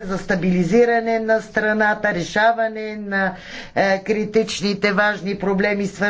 за стабилизиране на страната, решаване на е, критичните важни проблеми, свързани